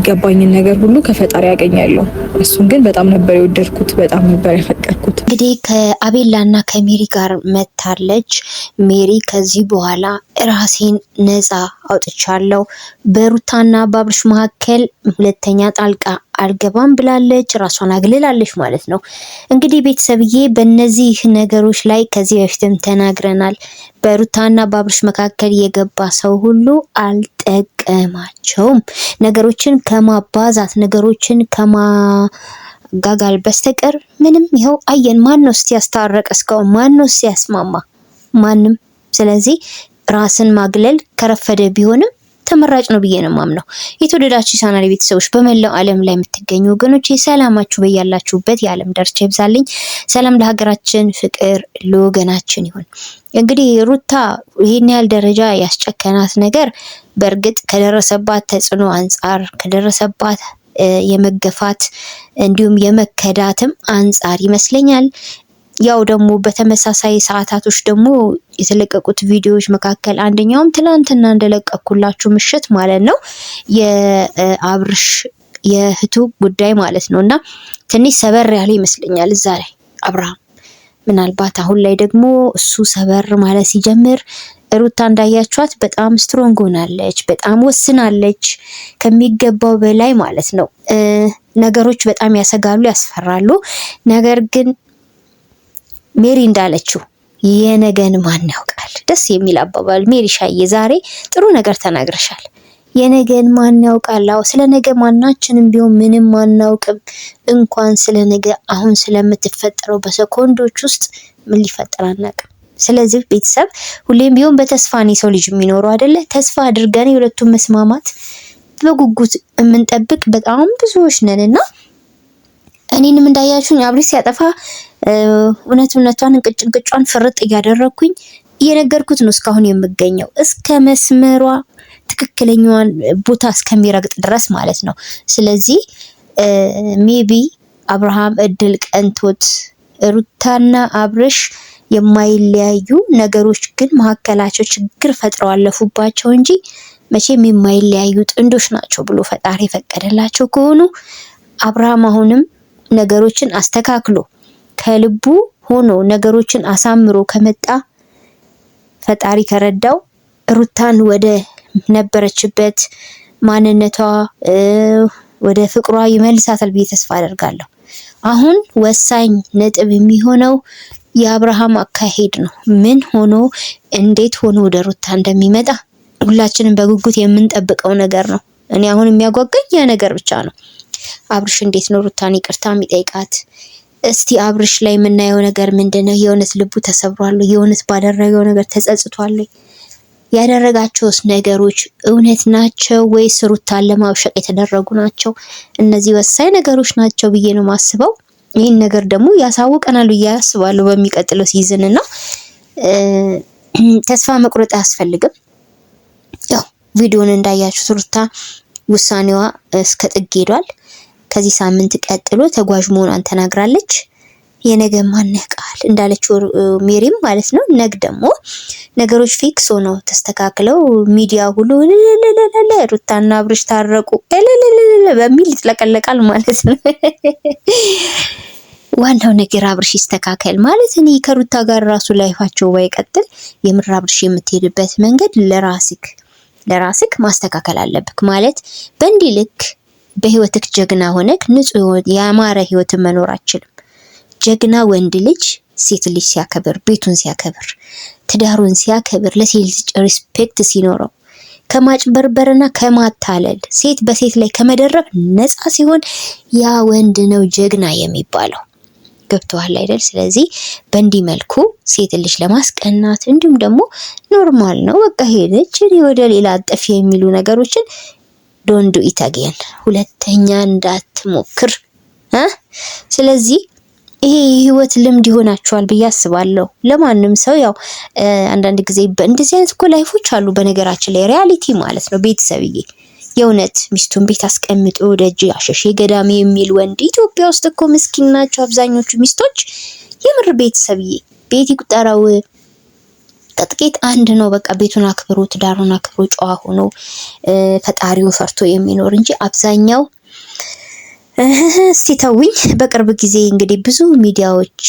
የሚገባኝን ነገር ሁሉ ከፈጣሪ ያገኛለሁ። እሱን ግን በጣም ነበር የወደድኩት፣ በጣም ነበር ያፈቀርኩት። እንግዲህ ከአቤላና ከሜሪ ጋር መታለች። ሜሪ ከዚህ በኋላ ራሴን ነፃ አውጥቻለሁ፣ በሩታና በአብርሽ መካከል ሁለተኛ ጣልቃ አልገባም ብላለች፣ ራሷን አግልላለች ማለት ነው። እንግዲህ ቤተሰብዬ በእነዚህ ነገሮች ላይ ከዚህ በፊትም ተናግረናል። በሩታና በአብርሽ መካከል የገባ ሰው ሁሉ አልጠቀማቸውም። ነገሮችን ከማባዛት ነገሮችን ከማ ጋጋል በስተቀር ምንም ይኸው አየን። ማን ነው እስቲ ያስታረቀ? እስካሁን ማን ነው እስቲ ያስማማ? ማንም። ስለዚህ ራስን ማግለል ከረፈደ ቢሆንም ተመራጭ ነው ብዬ ነው የማምነው። የተወደዳችሁ ቻናል ቤተሰቦች በመላው ዓለም ላይ የምትገኙ ወገኖች ሰላማችሁ በያላችሁበት የዓለም ዳርቻ ይብዛልኝ። ሰላም ለሀገራችን፣ ፍቅር ለወገናችን ይሁን። እንግዲህ ሩታ ይህን ያህል ደረጃ ያስጨከናት ነገር በእርግጥ ከደረሰባት ተጽዕኖ አንጻር ከደረሰባት የመገፋት እንዲሁም የመከዳትም አንጻር ይመስለኛል። ያው ደግሞ በተመሳሳይ ሰዓታቶች ደግሞ የተለቀቁት ቪዲዮዎች መካከል አንደኛውም ትናንትና እንደለቀኩላችሁ ምሽት ማለት ነው የአብርሽ የእህቱ ጉዳይ ማለት ነው እና ትንሽ ሰበር ያለ ይመስለኛል እዛ ላይ አብርሃም ምናልባት አሁን ላይ ደግሞ እሱ ሰበር ማለት ሲጀምር ሩታ እንዳያችኋት በጣም ስትሮንግ ሆናለች፣ በጣም ወስናለች ከሚገባው በላይ ማለት ነው። ነገሮች በጣም ያሰጋሉ፣ ያስፈራሉ። ነገር ግን ሜሪ እንዳለችው የነገን ማን ያውቃል? ደስ የሚል አባባል ሜሪ ሻዬ፣ ዛሬ ጥሩ ነገር ተናግረሻል። የነገን ማን ያውቃል? አዎ ስለ ነገ ማናችንም ቢሆን ምንም አናውቅም። እንኳን ስለ ነገ አሁን ስለምትፈጠረው በሰኮንዶች ውስጥ ምን ሊፈጠር አናውቅም። ስለዚህ ቤተሰብ ሁሌም ቢሆን በተስፋ ነው የሰው ልጅ የሚኖረው አይደለ? ተስፋ አድርገን የሁለቱን መስማማት በጉጉት የምንጠብቅ በጣም ብዙዎች ነን እና እኔንም እንዳያችሁኝ አብሬ ሲያጠፋ እውነት እውነቷን እንቅጭ እንቅጯን ፍርጥ እያደረግኩኝ እየነገርኩት ነው እስካሁን የምገኘው እስከ መስመሯ ትክክለኛዋን ቦታ እስከሚረግጥ ድረስ ማለት ነው። ስለዚህ ሜቢ አብርሃም እድል ቀንቶት ሩታና አብርሽ የማይለያዩ ነገሮች ግን መካከላቸው ችግር ፈጥረው አለፉባቸው እንጂ መቼም የማይለያዩ ጥንዶች ናቸው ብሎ ፈጣሪ የፈቀደላቸው ከሆኑ አብርሃም አሁንም ነገሮችን አስተካክሎ ከልቡ ሆኖ ነገሮችን አሳምሮ ከመጣ ፈጣሪ ከረዳው ሩታን ወደ ነበረችበት ማንነቷ ወደ ፍቅሯ ይመልሳታል ብዬ ተስፋ አደርጋለሁ። አሁን ወሳኝ ነጥብ የሚሆነው የአብርሃም አካሄድ ነው። ምን ሆኖ እንዴት ሆኖ ወደ ሩታ እንደሚመጣ ሁላችንም በጉጉት የምንጠብቀው ነገር ነው። እኔ አሁን የሚያጓጓኝ ያ ነገር ብቻ ነው። አብርሽ እንዴት ነው ሩታን ይቅርታ የሚጠይቃት? እስቲ አብርሽ ላይ የምናየው ነገር ምንድን ነው? የእውነት ልቡ ተሰብሯል? የእውነት ባደረገው ነገር ተጸጽቷል? ያደረጋቸውስ ነገሮች እውነት ናቸው ወይስ ሩታን ለማብሸቅ የተደረጉ ናቸው? እነዚህ ወሳኝ ነገሮች ናቸው ብዬ ነው ማስበው። ይህን ነገር ደግሞ ያሳውቀናል ብዬ አስባለሁ በሚቀጥለው ሲዝን እና ተስፋ መቁረጥ አያስፈልግም። ያው ቪዲዮን እንዳያችሁት ሩታ ውሳኔዋ እስከ ጥግ ሄዷል። ከዚህ ሳምንት ቀጥሎ ተጓዥ መሆኗን ተናግራለች። የነገ ማን ቃል እንዳለችው ሜሪም ማለት ነው። ነግ ደግሞ ነገሮች ፊክስ ሆነው ተስተካክለው ሚዲያ ሁሉ ለለለለ ሩታና አብርሽ ታረቁ ለለለለ በሚል ይጥለቀለቃል ማለት ነው። ዋናው ነገር አብርሽ ይስተካከል ማለት እኔ ከሩታ ጋር ራሱ ላይፋቸው ባይቀጥል የምር አብርሽ የምትሄድበት መንገድ ለራስክ ለራስክ ማስተካከል አለብክ ማለት በእንዲህ ልክ በህይወትክ ጀግና ሆነክ ንጹህ ያማረ ህይወት መኖር አችልም። ጀግና ወንድ ልጅ ሴት ልጅ ሲያከብር፣ ቤቱን ሲያከብር፣ ትዳሩን ሲያከብር፣ ለሴት ልጅ ሪስፔክት ሲኖረው ከማጭበርበርና ከማታለል ሴት በሴት ላይ ከመደረብ ነፃ ሲሆን ያ ወንድ ነው ጀግና የሚባለው። ገብተዋል አይደል? ስለዚህ በእንዲህ መልኩ ሴት ልጅ ለማስቀናት እንዲሁም ደግሞ ኖርማል ነው በቃ ሄደች ወደ ሌላ አጠፊ የሚሉ ነገሮችን ዶንዱ ዱ ሁለተኛ እንዳትሞክር ስለዚህ ይሄ የህይወት ልምድ ይሆናችኋል ብዬ አስባለሁ። ለማንም ሰው ያው አንዳንድ ጊዜ እንደዚህ አይነት እኮ ላይፎች አሉ። በነገራችን ላይ ሪያሊቲ ማለት ነው። ቤተሰብዬ የእውነት ሚስቱን ቤት አስቀምጦ ደጅ አሸሼ ገዳሜ የሚል ወንድ ኢትዮጵያ ውስጥ እኮ ምስኪን ናቸው አብዛኞቹ ሚስቶች። የምር ቤተሰብዬ ቤት ይቁጠረው። ጥቂት አንድ ነው። በቃ ቤቱን አክብሮ ትዳሩን አክብሮ ጨዋ ሆኖ ፈጣሪውን ፈርቶ የሚኖር እንጂ አብዛኛው እስቲ ተውኝ። በቅርብ ጊዜ እንግዲህ ብዙ ሚዲያዎች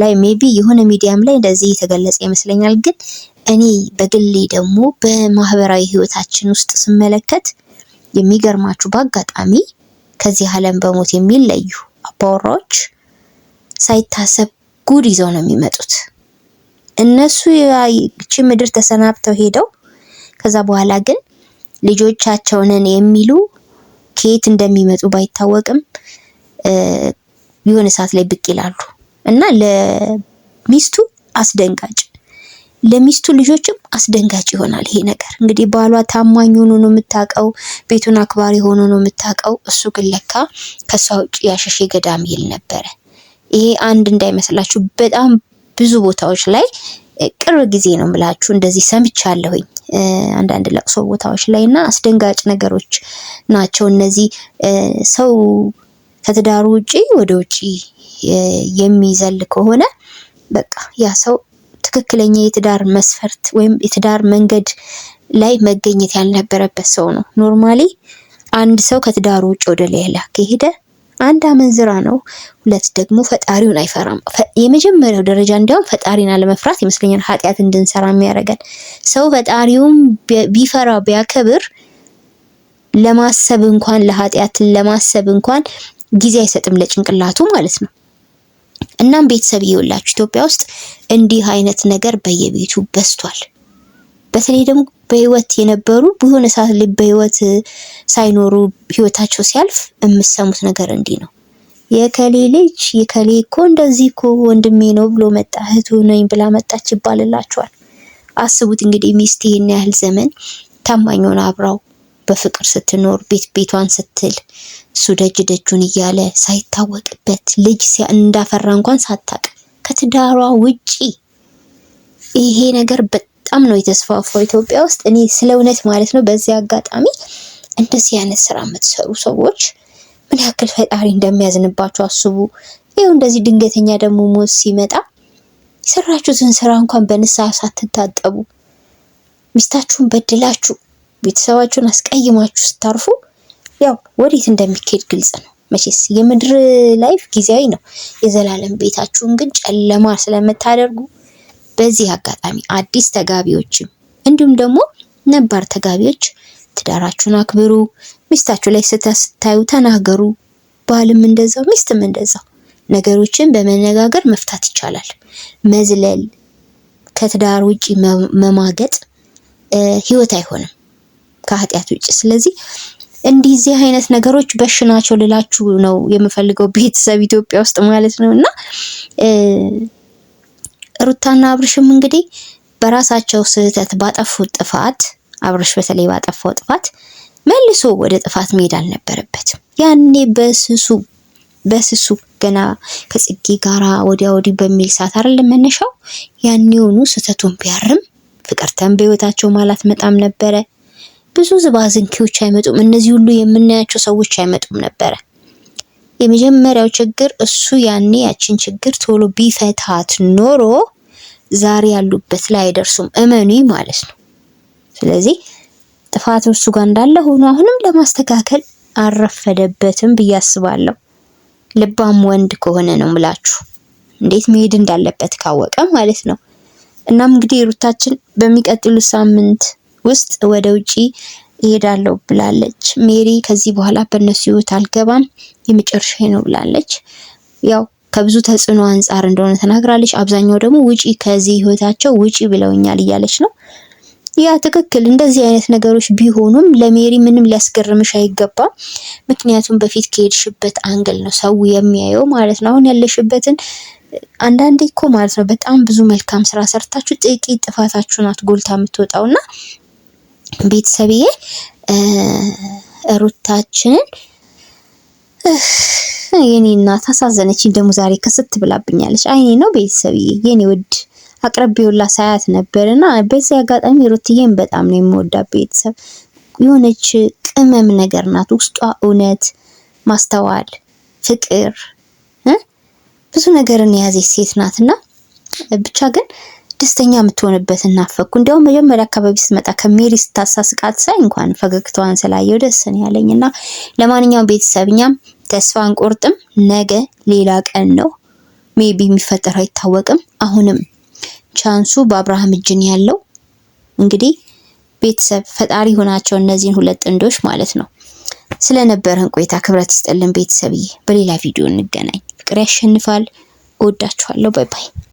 ላይ ሜቢ የሆነ ሚዲያም ላይ እንደዚህ የተገለጸ ይመስለኛል። ግን እኔ በግሌ ደግሞ በማህበራዊ ህይወታችን ውስጥ ስመለከት የሚገርማችሁ በአጋጣሚ ከዚህ ዓለም በሞት የሚለዩ አባወራዎች ሳይታሰብ ጉድ ይዘው ነው የሚመጡት። እነሱ ያቺ ምድር ተሰናብተው ሄደው ከዛ በኋላ ግን ልጆቻቸውንን የሚሉ ከየት እንደሚመጡ ባይታወቅም የሆነ ሰዓት ላይ ብቅ ይላሉ እና ለሚስቱ አስደንጋጭ ለሚስቱ ልጆችም አስደንጋጭ ይሆናል ይሄ ነገር። እንግዲህ ባሏ ታማኝ ሆኖ ነው የምታውቀው፣ ቤቱን አክባሪ ሆኖ ነው የምታውቀው። እሱ ግን ለካ ከሷ ውጭ ያሸሼ ገዳም ይል ነበረ። ይሄ አንድ እንዳይመስላችሁ በጣም ብዙ ቦታዎች ላይ ቅርብ ጊዜ ነው የምላችሁ እንደዚህ ሰምቻለሁኝ። አንዳንድ ለቅሶ ቦታዎች ላይ እና አስደንጋጭ ነገሮች ናቸው እነዚህ። ሰው ከትዳሩ ውጪ ወደ ውጪ የሚዘል ከሆነ በቃ ያ ሰው ትክክለኛ የትዳር መስፈርት ወይም የትዳር መንገድ ላይ መገኘት ያልነበረበት ሰው ነው። ኖርማሊ አንድ ሰው ከትዳሩ ውጭ ወደ ሌላ ከሄደ አንድ አመንዝራ ነው፣ ሁለት ደግሞ ፈጣሪውን አይፈራም። የመጀመሪያው ደረጃ እንዲያውም ፈጣሪን አለመፍራት ይመስለኛል ኃጢአት እንድንሰራ የሚያደርገን። ሰው ፈጣሪውን ቢፈራ ቢያከብር ለማሰብ እንኳን ለኃጢአት ለማሰብ እንኳን ጊዜ አይሰጥም ለጭንቅላቱ ማለት ነው። እናም ቤተሰብ ይኸውላችሁ ኢትዮጵያ ውስጥ እንዲህ አይነት ነገር በየቤቱ በዝቷል። በተለይ ደግሞ በህይወት የነበሩ በሆነ ሰዓት ላይ በህይወት ሳይኖሩ ህይወታቸው ሲያልፍ የምሰሙት ነገር እንዲህ ነው። የከሌ ልጅ የከሌ እኮ እንደዚህ እኮ ወንድሜ ነው ብሎ መጣ፣ እህቱ ነኝ ብላ መጣች ይባልላቸዋል። አስቡት እንግዲህ ሚስት ይህን ያህል ዘመን ታማኝ ሆና አብራው በፍቅር ስትኖር ቤት ቤቷን ስትል እሱ ደጅ ደጁን እያለ ሳይታወቅበት ልጅ እንዳፈራ እንኳን ሳታቅ ከትዳሯ ውጪ ይሄ ነገር በጣም ነው የተስፋፋው ኢትዮጵያ ውስጥ። እኔ ስለ እውነት ማለት ነው በዚህ አጋጣሚ እንደዚህ አይነት ስራ የምትሰሩ ሰዎች ምን ያክል ፈጣሪ እንደሚያዝንባቸው አስቡ። ይኸው እንደዚህ ድንገተኛ ደግሞ ሞት ሲመጣ የሰራችሁትን ስራ እንኳን በንስሐ ሳትታጠቡ ሚስታችሁን በድላችሁ ቤተሰባችሁን አስቀይማችሁ ስታርፉ ያው ወዴት እንደሚካሄድ ግልጽ ነው። መቼስ የምድር ላይፍ ጊዜያዊ ነው። የዘላለም ቤታችሁን ግን ጨለማ ስለምታደርጉ በዚህ አጋጣሚ አዲስ ተጋቢዎችም እንዲሁም ደግሞ ነባር ተጋቢዎች ትዳራችሁን አክብሩ። ሚስታችሁ ላይ ስህተት ስታዩ ተናገሩ። ባልም እንደዛው፣ ሚስትም እንደዛው። ነገሮችን በመነጋገር መፍታት ይቻላል። መዝለል፣ ከትዳር ውጪ መማገጥ ህይወት አይሆንም ከኃጢአት ውጭ ስለዚህ እንዲዚህ አይነት ነገሮች በሽ ናቸው ልላችሁ ነው የምፈልገው ቤተሰብ ኢትዮጵያ ውስጥ ማለት ነው እና ሩታና አብርሽም እንግዲህ በራሳቸው ስህተት ባጠፉት ጥፋት አብርሽ በተለይ ባጠፋው ጥፋት መልሶ ወደ ጥፋት መሄድ አልነበረበትም። ያኔ በስሱ በስሱ ገና ከጽጌ ጋራ ወዲያ ወዲህ በሚል ሰዓት አይደለም መነሻው። ያኔውኑ ስህተቱን ቢያርም ፍቅርተን በህይወታቸው ማላት መጣም ነበረ። ብዙ ዝባዝንኪዎች አይመጡም። እነዚህ ሁሉ የምናያቸው ሰዎች አይመጡም ነበረ። የመጀመሪያው ችግር እሱ ያኔ ያችን ችግር ቶሎ ቢፈታት ኖሮ ዛሬ ያሉበት ላይ አይደርሱም። እመኑ ማለት ነው። ስለዚህ ጥፋቱ እሱ ጋር እንዳለ ሆኖ አሁንም ለማስተካከል አረፈደበትም ብዬ አስባለሁ። ልባም ወንድ ከሆነ ነው ምላችሁ እንዴት መሄድ እንዳለበት ካወቀ ማለት ነው። እናም እንግዲህ ሩታችን በሚቀጥሉት ሳምንት ውስጥ ወደ ውጪ እሄዳለሁ ብላለች። ሜሪ ከዚህ በኋላ በእነሱ ህይወት አልገባም የመጨረሻ ነው ብላለች። ያው ከብዙ ተጽዕኖ አንጻር እንደሆነ ተናግራለች። አብዛኛው ደግሞ ውጪ ከዚህ ህይወታቸው ውጪ ብለውኛል እያለች ነው። ያ ትክክል። እንደዚህ አይነት ነገሮች ቢሆኑም ለሜሪ ምንም ሊያስገርምሽ አይገባም። ምክንያቱም በፊት ከሄድሽበት አንግል ነው ሰው የሚያየው ማለት ነው። አሁን ያለሽበትን አንዳንዴ እኮ ማለት ነው በጣም ብዙ መልካም ስራ ሰርታችሁ ጥቂት ጥፋታችሁ ናት ጎልታ የምትወጣውና ቤተሰብዬ ሩታችንን የኔ እናት አሳዘነችኝ። ደግሞ ዛሬ ከስት ብላብኛለች። አይኔ ነው ቤተሰብዬ፣ የኔ ውድ አቅርቤውላ ሳያት ነበር እና በዚህ አጋጣሚ ሩትዬን በጣም ነው የምወዳት። ቤተሰብ የሆነች ቅመም ነገር ናት። ውስጧ እውነት፣ ማስተዋል፣ ፍቅር ብዙ ነገርን የያዘች ሴት ናት እና ብቻ ግን ደስተኛ የምትሆንበት እናፈኩ። እንዲያውም መጀመሪያ አካባቢ ስትመጣ ከሜሪ ስታሳስቃት ሳይ እንኳን ፈገግታዋን ስላየው ደስ ነው ያለኝ እና ለማንኛውም ቤተሰብ ተስፋ አንቆርጥም። ነገ ሌላ ቀን ነው። ሜቢ የሚፈጠር አይታወቅም። አሁንም ቻንሱ በአብርሃም እጅን ያለው እንግዲህ ቤተሰብ ፈጣሪ ሆናቸው እነዚህን ሁለት ጥንዶች ማለት ነው። ስለነበረን ቆይታ ክብረት ይስጥልን ቤተሰብዬ። በሌላ ቪዲዮ እንገናኝ። ፍቅር ያሸንፋል። እወዳችኋለሁ። ባይ ባይ።